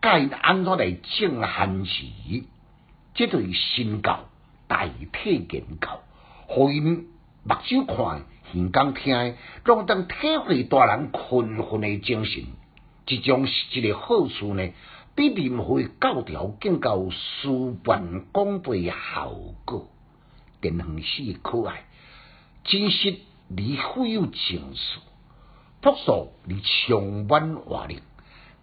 該安怎來正漢字，即對身教、代替言教，互因目睭看、耳朵聽，攏通體會大人勤奮嘅精神，即種是一個好處呢。比任何教條更較有事半功倍效果。田園詩可愛，真實而富有情趣，樸素而充滿活力。